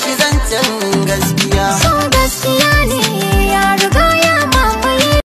shi zancen gaske